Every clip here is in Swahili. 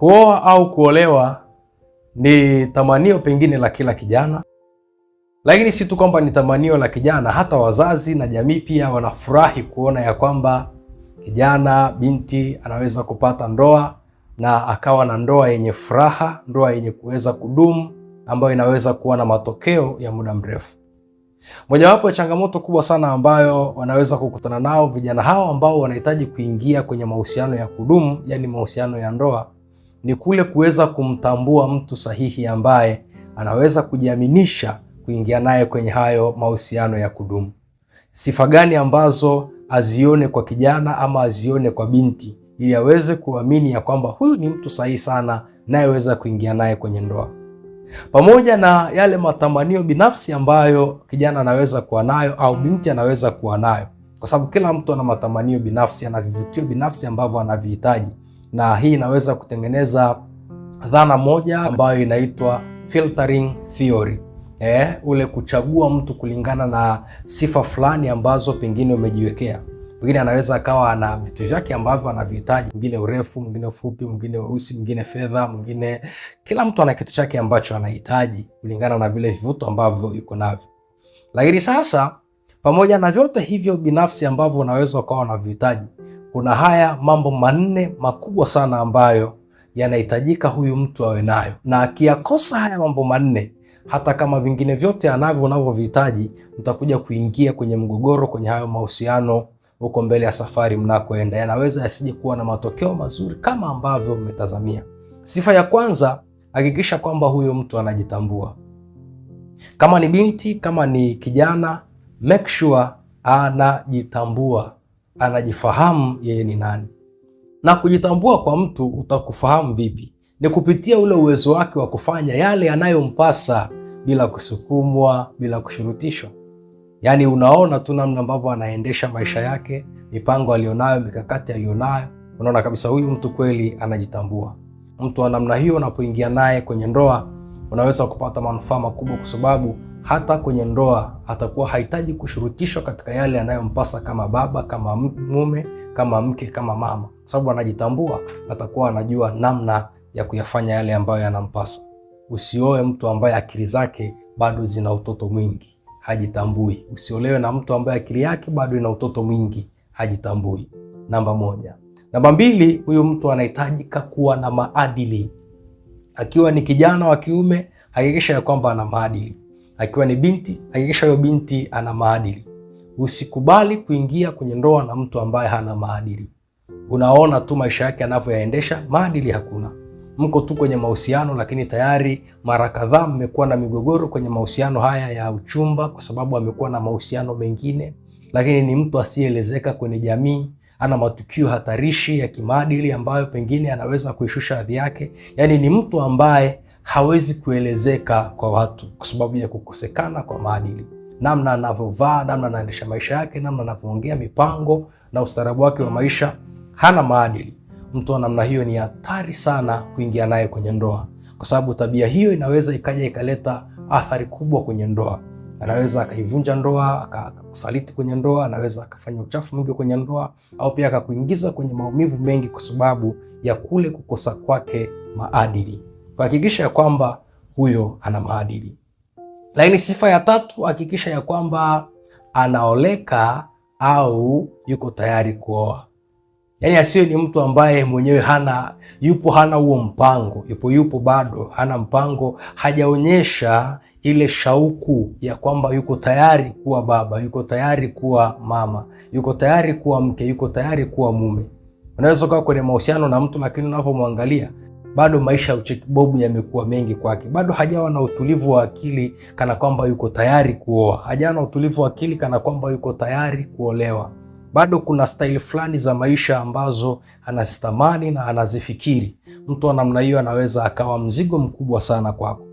Kuoa au kuolewa ni tamanio pengine la kila kijana, lakini si tu kwamba ni tamanio la kijana, hata wazazi na jamii pia wanafurahi kuona ya kwamba kijana binti anaweza kupata ndoa na akawa na ndoa yenye furaha, ndoa yenye kuweza kudumu, ambayo inaweza kuwa na matokeo ya muda mrefu. Mojawapo ya changamoto kubwa sana ambayo wanaweza kukutana nao vijana hao ambao wanahitaji kuingia kwenye mahusiano ya kudumu, yani mahusiano ya ndoa ni kule kuweza kumtambua mtu sahihi ambaye anaweza kujiaminisha kuingia naye kwenye hayo mahusiano ya kudumu. Sifa gani ambazo azione kwa kijana ama azione kwa binti ili aweze kuamini ya kwamba huyu ni mtu sahihi sana nayeweza kuingia naye kwenye ndoa, pamoja na yale matamanio binafsi ambayo kijana anaweza kuwa nayo au binti anaweza kuwa nayo, kwa sababu kila mtu ana matamanio binafsi, ana vivutio binafsi ambavyo anavihitaji na hii inaweza kutengeneza dhana moja ambayo inaitwa filtering theory. Eh, ule kuchagua mtu kulingana na sifa fulani ambazo pengine umejiwekea. Pengine anaweza akawa ana vitu vyake ambavyo anavihitaji, mwingine urefu, mwingine ufupi, mwingine weusi, mwingine fedha, mwingine kila mtu ana kitu chake ambacho anahitaji kulingana na vile vivuto ambavyo yuko navyo. Lakini sasa pamoja na vyote hivyo binafsi ambavyo unaweza ukawa unavihitaji kuna haya mambo manne makubwa sana ambayo yanahitajika huyu mtu awe nayo, na akiyakosa haya mambo manne, hata kama vingine vyote anavyo unavyovihitaji, mtakuja kuingia kwenye mgogoro kwenye hayo mahusiano huko mbele ya safari mnakoenda, yanaweza yasije kuwa na matokeo mazuri kama ambavyo mmetazamia. Sifa ya kwanza, hakikisha kwamba huyo mtu anajitambua. Kama ni binti, kama ni kijana, make sure anajitambua anajifahamu yeye ni nani. Na kujitambua kwa mtu utakufahamu vipi? Ni kupitia ule uwezo wake wa kufanya yale yanayompasa bila kusukumwa, bila kushurutishwa. Yaani unaona tu namna ambavyo anaendesha maisha yake, mipango aliyonayo, mikakati aliyonayo, unaona kabisa huyu mtu kweli anajitambua. Mtu wa namna hiyo unapoingia naye kwenye ndoa, unaweza kupata manufaa makubwa kwa sababu hata kwenye ndoa atakuwa hahitaji kushurutishwa katika yale yanayompasa kama baba, kama mume, kama mke, kama mama, kwa sababu anajitambua, atakuwa anajua namna ya kuyafanya yale ambayo yanampasa. Usioe mtu ambaye akili zake bado zina utoto mwingi, hajitambui. Usiolewe na mtu ambaye akili yake bado ina utoto mwingi, hajitambui. Namba moja. Namba mbili, huyu mtu anahitajika kuwa na maadili. Akiwa ni kijana wa kiume, hakikisha ya kwamba ana maadili akiwa ni binti, hakikisha huyo binti ana maadili. Usikubali kuingia kwenye ndoa na mtu ambaye hana maadili. Unaona tu maisha yake anavyoyaendesha, maadili hakuna. Mko tu kwenye mahusiano, lakini tayari mara kadhaa mmekuwa na migogoro kwenye mahusiano haya ya uchumba, kwa sababu amekuwa na mahusiano mengine, lakini ni mtu asiyeelezeka kwenye jamii ana matukio hatarishi ya kimaadili ambayo pengine anaweza kuishusha hadhi yake. Yaani ni mtu ambaye hawezi kuelezeka kwa watu kwa sababu ya kukosekana kwa maadili, namna anavyovaa, namna anaendesha maisha yake, namna anavyoongea, mipango na ustaarabu wake wa maisha. Hana maadili. Mtu wa namna hiyo ni hatari sana kuingia naye kwenye ndoa, kwa sababu tabia hiyo inaweza ikaja ikaleta athari kubwa kwenye ndoa. Anaweza akaivunja ndoa, akakusaliti kwenye ndoa, anaweza akafanya uchafu mwingi kwenye ndoa, au pia akakuingiza kwenye maumivu mengi, kwa sababu ya kule kukosa kwake maadili kuhakikisha kwamba huyo ana maadili. Lakini sifa ya tatu, hakikisha ya kwamba anaoleka au yuko tayari kuoa. Yaani asiwe ni mtu ambaye mwenyewe hana yupo hana huo mpango, yupo yupo bado hana mpango, hajaonyesha ile shauku ya kwamba yuko tayari kuwa baba, yuko tayari kuwa mama, yuko tayari kuwa mke, yuko tayari kuwa mume. Unaweza ukawa kwenye mahusiano na mtu, lakini unavyomwangalia bado maisha ya uchekibobu yamekuwa mengi kwake, bado hajawa na utulivu wa akili kana kwamba yuko tayari kuoa, hajawa na utulivu wa akili kana kwamba yuko tayari kuolewa. Bado kuna staili fulani za maisha ambazo anazitamani na anazifikiri. Mtu wa namna hiyo anaweza akawa mzigo mkubwa sana kwako,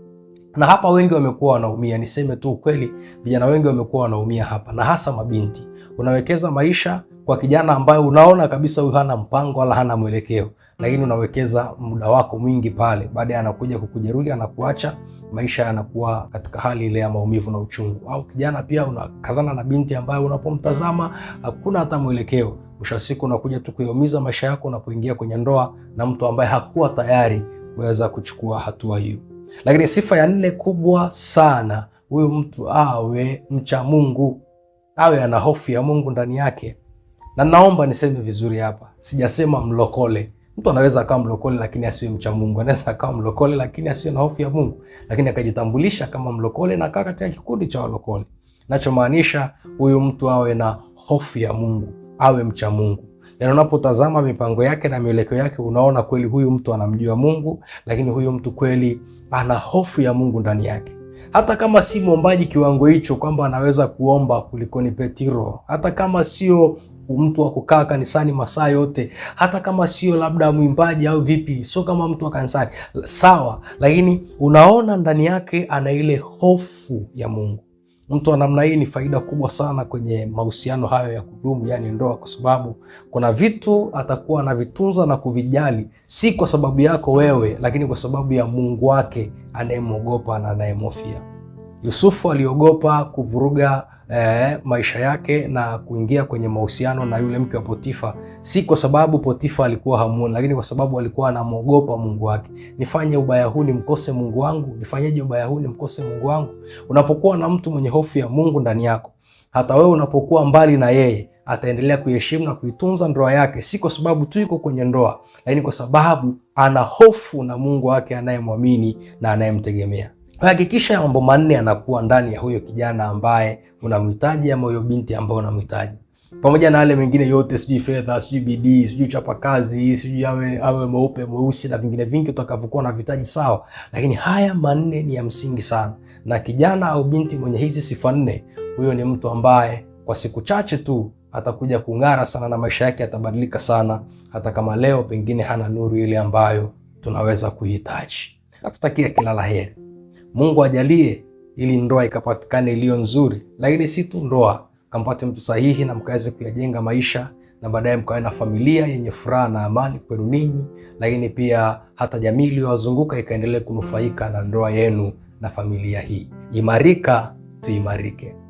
na hapa wengi wamekuwa wanaumia. Niseme tu ukweli, vijana wengi wamekuwa wanaumia hapa, na hasa mabinti. Unawekeza maisha kwa kijana ambaye unaona kabisa huyu hana mpango wala hana mwelekeo, lakini mm. unawekeza muda wako mwingi pale, baadaye anakuja kukujeruhi, anakuacha, maisha yanakuwa katika hali ile ya maumivu na uchungu. Au kijana pia unakazana na binti ambaye unapomtazama hakuna hata mwelekeo, mwisho wa siku unakuja tu kuyaumiza maisha yako unapoingia kwenye ndoa na mtu ambaye hakuwa tayari kuweza kuchukua hatua hiyo. Lakini sifa ya nne kubwa sana, huyu mtu awe mcha Mungu, awe ana hofu ya Mungu ndani yake na naomba niseme vizuri hapa, sijasema mlokole. Mtu anaweza akawa mlokole lakini asiwe mcha Mungu, anaweza akawa mlokole lakini asiwe na hofu ya Mungu, lakini akajitambulisha kama mlokole na akaa katika kikundi cha walokole. Nachomaanisha huyu mtu awe na hofu ya Mungu, awe mcha Mungu. Yaani, unapotazama mipango yake na mielekeo yake, unaona kweli huyu mtu anamjua Mungu, lakini huyu mtu kweli ana hofu ya Mungu ndani yake hata kama si mwombaji kiwango hicho, kwamba anaweza kuomba kuliko ni Petiro, hata kama sio mtu wa kukaa kanisani masaa yote, hata kama sio labda mwimbaji au vipi, sio kama mtu wa kanisani sawa, lakini unaona ndani yake ana ile hofu ya Mungu. Mtu wa namna hii ni faida kubwa sana kwenye mahusiano hayo ya kudumu, yani ndoa, kwa sababu kuna vitu atakuwa anavitunza na kuvijali, si kwa sababu yako wewe, lakini kwa sababu ya Mungu wake anayemwogopa na anayemhofia. Yusufu aliogopa kuvuruga eh, maisha yake na kuingia kwenye mahusiano na yule mke wa Potifa, si kwa sababu Potifa alikuwa hamuoni, lakini kwa sababu alikuwa anamwogopa Mungu wake. Nifanye ubaya huu nimkose Mungu wangu? Nifanyeje ubaya huu nimkose Mungu wangu? Unapokuwa na mtu mwenye hofu ya Mungu ndani yako, hata wewe unapokuwa mbali na yeye ataendelea kuiheshimu na kuitunza ndoa yake, si kwa sababu tu yuko kwenye ndoa, lakini kwa sababu ana hofu na Mungu wake anayemwamini na anayemtegemea. Hakikisha mambo manne yanakuwa ndani ya huyo kijana ambaye unamhitaji ama huyo binti ambaye unamhitaji, pamoja na yale mengine yote, sijui fedha, sijui bidii, sijui chapa kazi, sijui awe awe mweupe mweusi na vingine vingi utakavyokuwa na vitaji sawa, lakini haya manne ni ya msingi sana, na kijana au binti mwenye hizi sifa nne, huyo ni mtu ambaye kwa siku chache tu atakuja kung'ara sana na maisha yake yatabadilika sana, hata kama leo pengine hana nuru ile ambayo tunaweza kuhitaji. Nakutakia kila la heri. Mungu ajalie ili ndoa ikapatikane iliyo nzuri, lakini si tu ndoa, kampate mtu sahihi na mkaweze kuyajenga maisha na baadaye mkawe na familia yenye furaha na amani kwenu ninyi, lakini pia hata jamii iliyowazunguka ikaendelee kunufaika na ndoa yenu na familia hii. Imarika tuimarike.